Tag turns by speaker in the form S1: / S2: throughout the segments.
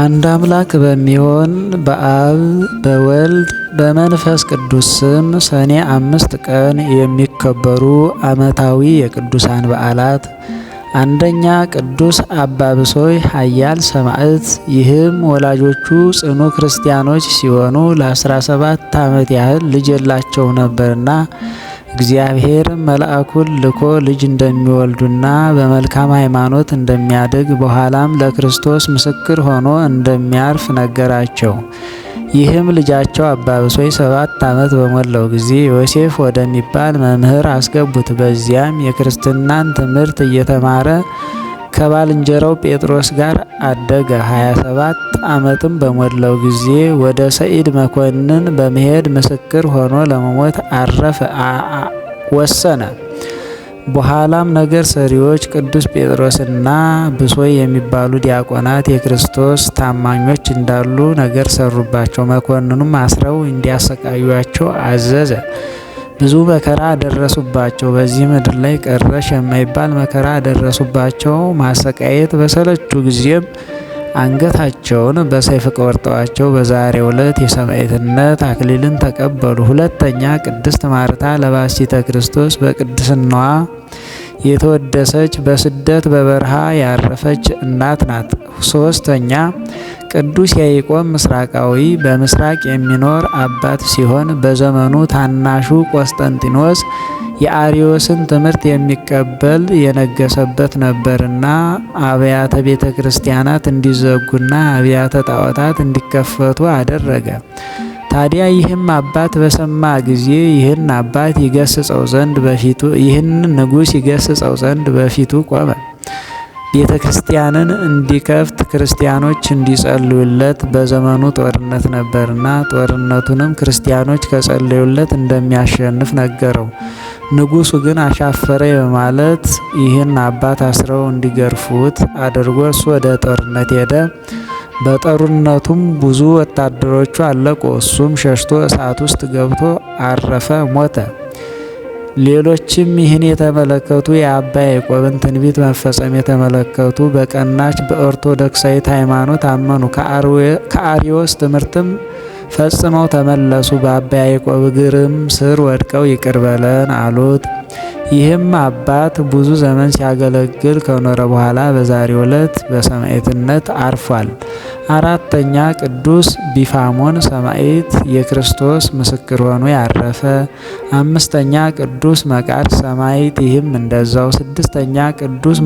S1: አንድ አምላክ በሚሆን በአብ በወልድ በመንፈስ ቅዱስ ስም ሰኔ አምስት ቀን የሚከበሩ ዓመታዊ የቅዱሳን በዓላት፣ አንደኛ ቅዱስ አባ ብሶይ ኃያል ሰማዕት። ይህም ወላጆቹ ጽኑ ክርስቲያኖች ሲሆኑ ለ17 ዓመት ያህል ልጅ የላቸው ነበርና እግዚአብሔርም መልአኩን ልኮ ልጅ እንደሚወልዱና በመልካም ሃይማኖት እንደሚያድግ በኋላም ለክርስቶስ ምስክር ሆኖ እንደሚያርፍ ነገራቸው። ይህም ልጃቸው አባብሶይ ሰባት ዓመት በሞላው ጊዜ ዮሴፍ ወደሚባል መምህር አስገቡት። በዚያም የክርስትናን ትምህርት እየተማረ ከባልንጀራው ጴጥሮስ ጋር አደገ። 27 ዓመትም በሞላው ጊዜ ወደ ሰኢድ መኮንን በመሄድ ምስክር ሆኖ ለመሞት አረፈ ወሰነ። በኋላም ነገር ሰሪዎች ቅዱስ ጴጥሮስና ብሶይ የሚባሉ ዲያቆናት የክርስቶስ ታማኞች እንዳሉ ነገር ሰሩባቸው። መኮንኑም አስረው እንዲያሰቃዩቸው አዘዘ። ብዙ መከራ ደረሱባቸው። በዚህ ምድር ላይ ቀረሽ የማይባል መከራ ደረሱባቸው። ማሰቃየት በሰለቹ ጊዜም አንገታቸውን በሰይፍ ቆርጠዋቸው በዛሬው ዕለት የሰማዕትነት አክሊልን ተቀበሉ። ሁለተኛ ቅድስት ማርታ ለባሲተ ክርስቶስ በቅድስናዋ የተወደሰች በስደት በበረሃ ያረፈች እናት ናት። ሶስተኛ ቅዱስ ያዕቆብ ምስራቃዊ በምስራቅ የሚኖር አባት ሲሆን በዘመኑ ታናሹ ቆስጠንጢኖስ የአሪዮስን ትምህርት የሚቀበል የነገሰበት ነበርና አብያተ ቤተ ክርስቲያናት እንዲዘጉና አብያተ ጣዖታት እንዲከፈቱ አደረገ። ታዲያ ይህም አባት በሰማ ጊዜ ይህን አባት ይገስጸው ዘንድ በፊቱ ይህን ንጉሥ ይገስጸው ዘንድ በፊቱ ቆመ። ቤተ ክርስቲያንን እንዲከፍት ክርስቲያኖች እንዲጸልዩለት በዘመኑ ጦርነት ነበርና ጦርነቱንም ክርስቲያኖች ከጸለዩለት እንደሚያሸንፍ ነገረው። ንጉሱ ግን አሻፈረ በማለት ይህን አባት አስረው እንዲገርፉት አድርጎ እሱ ወደ ጦርነት ሄደ። በጦርነቱም ብዙ ወታደሮቹ አለቁ። እሱም ሸሽቶ እሳት ውስጥ ገብቶ አረፈ፣ ሞተ። ሌሎችም ይህን የተመለከቱ የአባ ያዕቆብን ትንቢት መፈጸም የተመለከቱ በቀናች በኦርቶዶክሳዊት ሃይማኖት አመኑ። ከአሪዎስ ትምህርትም ፈጽመው ተመለሱ። በአባ ያዕቆብ እግርም ስር ወድቀው ይቅር በለን አሉት። ይህም አባት ብዙ ዘመን ሲያገለግል ከኖረ በኋላ በዛሬው ዕለት በሰማዕትነት አርፏል። አራተኛ ቅዱስ ቢፋሞን ሰማዕት የክርስቶስ ምስክር ሆኖ ያረፈ። አምስተኛ ቅዱስ መቃር ሰማዕት ይህም እንደዛው። ስድስተኛ ቅዱስ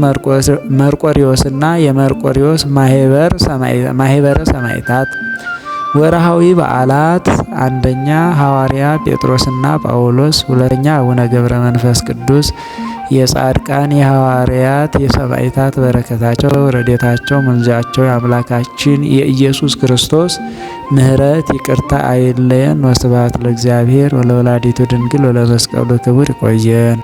S1: መርቆሪዎስና የመርቆሪዎስ ማህበረ ሰማዕታት ወርሃዊ በዓላት አንደኛ ሐዋርያ ጴጥሮስና ጳውሎስ፣ ሁለተኛ አቡነ ገብረ መንፈስ ቅዱስ። የጻድቃን የሐዋርያት የሰማዕታት በረከታቸው ረዴታቸው ምልጃቸው የአምላካችን የኢየሱስ ክርስቶስ ምሕረት ይቅርታ አይለየን። ወስብሐት ለእግዚአብሔር ወለወላዲቱ ድንግል ወለመስቀሉ ክቡር። ይቆየን።